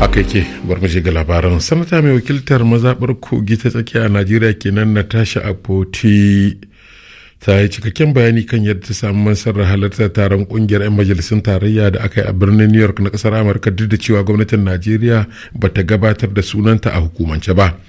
haka yake bar mu ga labaran sanata mai wakiltar mazaɓar kogi ta tsakiya a najeriya kenan natasha apoti ta yi cikakken bayani kan yadda ta samu mansarar halartar taron kungiyar 'yan majalisun tarayya da aka yi a birnin new york na kasar amurka duk da cewa gwamnatin najeriya ba ta gabatar da sunanta a hukumance ba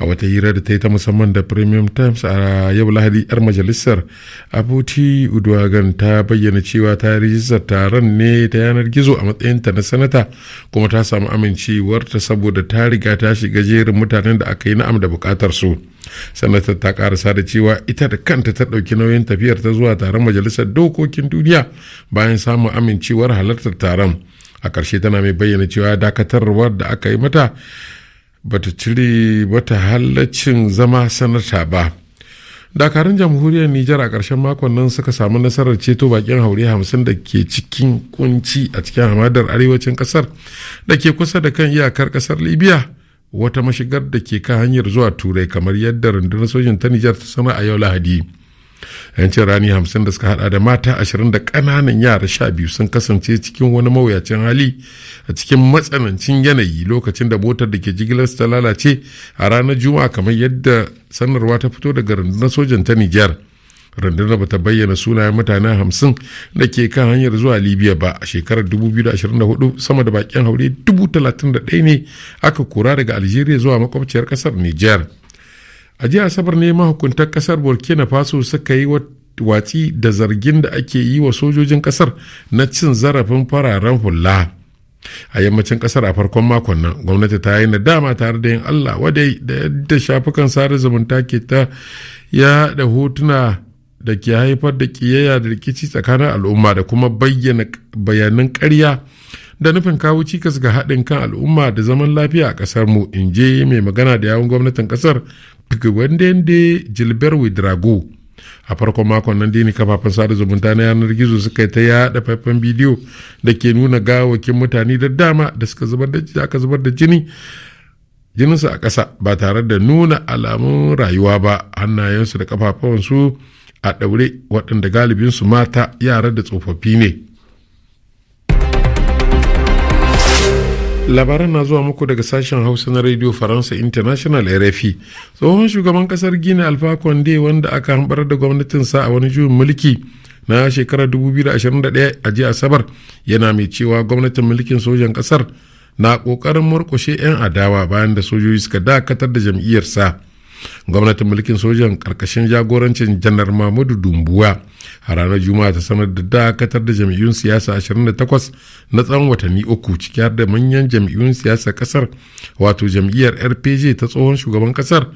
a wata hira da ta yi ta musamman da premium times a yau lahadi 'yar majalisar abuti udwagan ta bayyana cewa ta rijistar taron ne ta yanar gizo a matsayinta na sanata kuma ta samu amincewarta saboda ta riga ta shiga jerin mutanen da aka yi na'am da bukatar su. sanatar ta karasa da cewa ita da kanta ta ɗauki nauyin tafiyar ta zuwa taron majalisar dokokin duniya bayan samun amincewar halartar taron a ƙarshe tana mai bayyana cewa dakatarwar da aka yi mata bata cire bata halaccin zama sanata ba dakarun jamhuriyar nijar a karshen makon nan suka samu nasarar ceto bakin haure hamsin da ke cikin kunci a cikin hamadar arewacin ƙasar da ke kusa da kan iyakar ƙasar libya wata mashigar da ke kan hanyar zuwa turai kamar yadda rundunar sojin ta nijar ta sanar a yau lahadi yancin rani hamsin da suka hada da mata ashirin da kananan yara sha biyu sun kasance cikin wani mawuyacin hali a cikin matsanancin yanayi lokacin da motar da ke jigilar su ta lalace a ranar juma'a kamar yadda sanarwa ta fito daga rundunar sojan ta nijar rundunar ba ta bayyana sunayen mutane hamsin da ke kan hanyar zuwa libya ba a shekarar 2024 sama da bakin haure 31,000 ne aka kura daga algeria zuwa makwabciyar kasar niger a jiya asabar ne mahukuntar kasar burkina faso suka yi watsi da zargin da ake yi wa sojojin kasar na cin zarafin fararen hula a yammacin kasar a farkon makon nan gwamnati ta yi nadama tare da yin allah wadai da yadda shafukan sada zumunta ke ta ya da hotuna da ke haifar da ƙiyayya da rikici tsakanin al'umma da kuma bayyana bayanan karya da nufin kawo cikas ga haɗin kan al'umma da zaman lafiya a ƙasar mu in je mai magana da yawun gwamnatin ƙasar Pigwendende Gilbert Widrago a farkon makon nan dini kafafen sada zumunta na yanar gizo suka yi ta yaɗa faifan bidiyo da ke nuna gawakin mutane da dama da suka zubar da aka zubar da jini jininsu a ƙasa ba tare da nuna alamun rayuwa ba hannayensu da kafafuwansu a ɗaure waɗanda galibinsu mata yara da tsofaffi ne labaran na zuwa muku daga sashen hausa na radio faransa international rfi tsohon shugaban kasar gini alfa conde wanda aka hambar da gwamnatinsa a wani juyin mulki na shekarar 2021 a jiya asabar yana mai cewa gwamnatin mulkin sojan kasar na kokarin murkushe 'yan adawa bayan da sojoji suka dakatar da jam'iyyarsa. gwamnatin mulkin sojan karkashin jagorancin janar mahmudu dumbuwa a ranar juma'a ta sanar da dakatar da jam'iyyun siyasa 28 na tsawon watanni uku ciki har da manyan jam'iyyun siyasa kasar wato jam'iyyar rpg ta tsohon shugaban kasar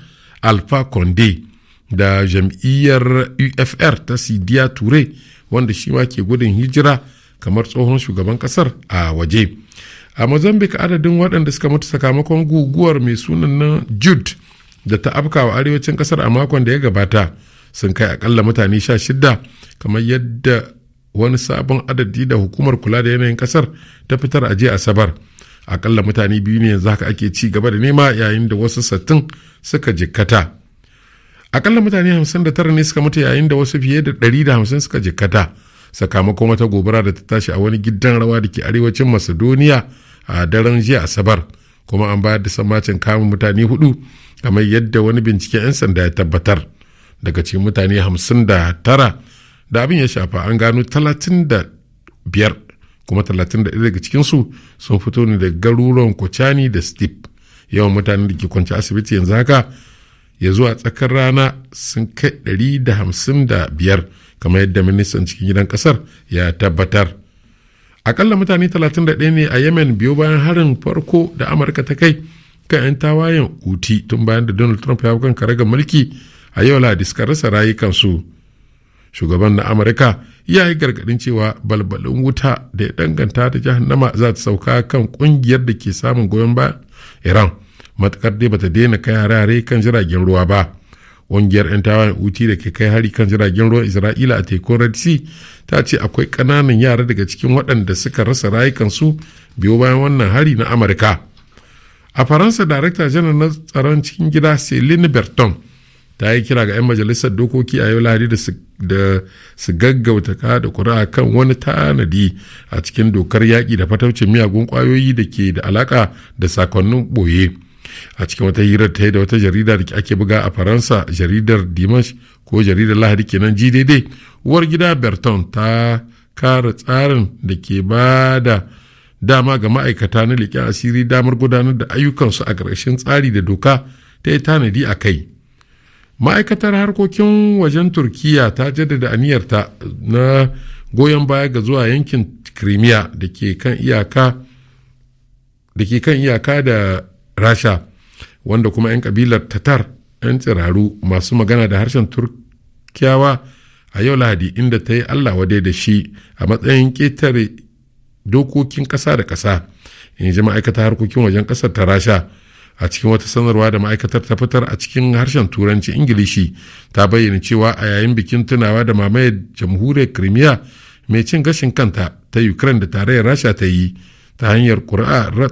alfa conde da jam'iyyar ufr ta sidiya ture wanda shi ma ke gudun hijira kamar tsohon shugaban kasar a waje a mozambique adadin waɗanda suka mutu sakamakon guguwar mai sunan na jude da ta afka wa arewacin kasar a makon da ya gabata sun kai akalla mutane sha shida kamar yadda wani sabon adadi da hukumar kula da yanayin kasar ta fitar a jiya asabar akalla mutane biyu ne yanzu haka ake ci gaba da nema yayin da wasu sattin suka jikkata akalla mutane hamsin da tara ne suka mutu yayin da wasu fiye da ɗari da hamsin suka jikkata sakamakon wata gobara da ta tashi a wani gidan rawa da ke arewacin macedonia a daren jiya asabar kuma an bayar da sammacin kama mutane hudu kamar yadda wani binciken 'yan sanda ya tabbatar daga cikin mutane hamsin da tara da abin ya shafa an gano talatin kuma talatin daga cikinsu sun fito ne daga garuruwan kocani da stip yawan mutane da ke kwanci asibiti yanzu haka ya zuwa tsakar rana sun kai ɗari da da biyar kamar yadda ministan cikin gidan kasar ya tabbatar akalla mutane 31 ne a yemen biyo bayan harin farko da amurka ta kai kan 'yan tawayen uti tun bayan da donald trump ya kan karaga mulki a yau la ka rasa rayukansu shugaban na amurka ya yi gargadin cewa balbalin wuta da ya danganta da jahannama za ta sauka kan kungiyar da ke samun goyon ba iran matukar dai bata daina kai harare kan jiragen ruwa ba ƙungiyar 'yan tawayen uti da ke kai hari kan jiragen ruwan isra'ila a tekun red sea ta ce akwai ƙananan yara daga cikin waɗanda suka rasa rayukansu biyu bayan wannan hari na amurka a faransa darakta janar na tsaron cikin gida celine berton ta yi kira ga 'yan majalisar dokoki a yau lahadi da su gaggauta ka da kura kan wani tanadi a cikin dokar yaƙi da fataucin miyagun kwayoyi da ke da alaƙa da sakonnin ɓoye. a cikin wata hirar ta yi da wata jarida da ake buga a faransa jaridar dimash ko jaridar lahadi kenan ji daidai uwar gida berton ta kara tsarin da ke ba da dama ga ma'aikata na leƙen asiri damar gudanar da ayyukansu a ƙarƙashin tsari da doka ta yi tanadi a kai ma'aikatar harkokin wajen turkiya ta jaddada aniyarta na goyon baya ga zuwa yankin crimea da ke kan iyaka da rasha wanda kuma 'yan kabilar tatar 'yan tsiraru masu magana da harshen turkiyawa a yau lahadi inda ta yi allah wade da shi a matsayin ƙetare dokokin ƙasa da ƙasa in ji ma'aikata harkokin wajen ƙasar ta rasha a cikin wata sanarwa da ma'aikatar ta fitar a cikin harshen turanci ingilishi ta bayyana cewa a yayin bikin tunawa da mamayar jamhuriyar crimea mai cin gashin kanta ta ukraine da tarayyar rasha ta yi ta hanyar ƙuri'a